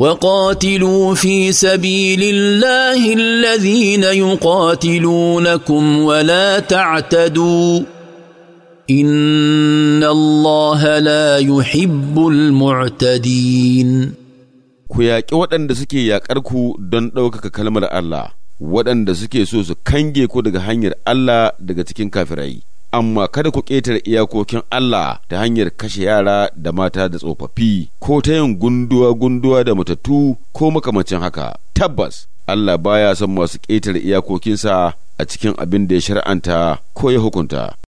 وقاتلوا في سبيل الله الذين يقاتلونكم ولا تعتدوا ان الله لا يحب المعتدين ku yaƙi waɗanda suke yaƙar ku don ɗaukaka kalmar Allah waɗanda suke so su kange ku daga hanyar Allah daga cikin kafirai amma kada ku ƙetar iyakokin Allah ta hanyar kashe yara da mata da tsofaffi ko ta yin gunduwa-gunduwa da matattu ko makamancin haka. Tabbas, Allah baya son masu ƙetare iyakokinsa a cikin abin da ya shar'anta ko ya hukunta.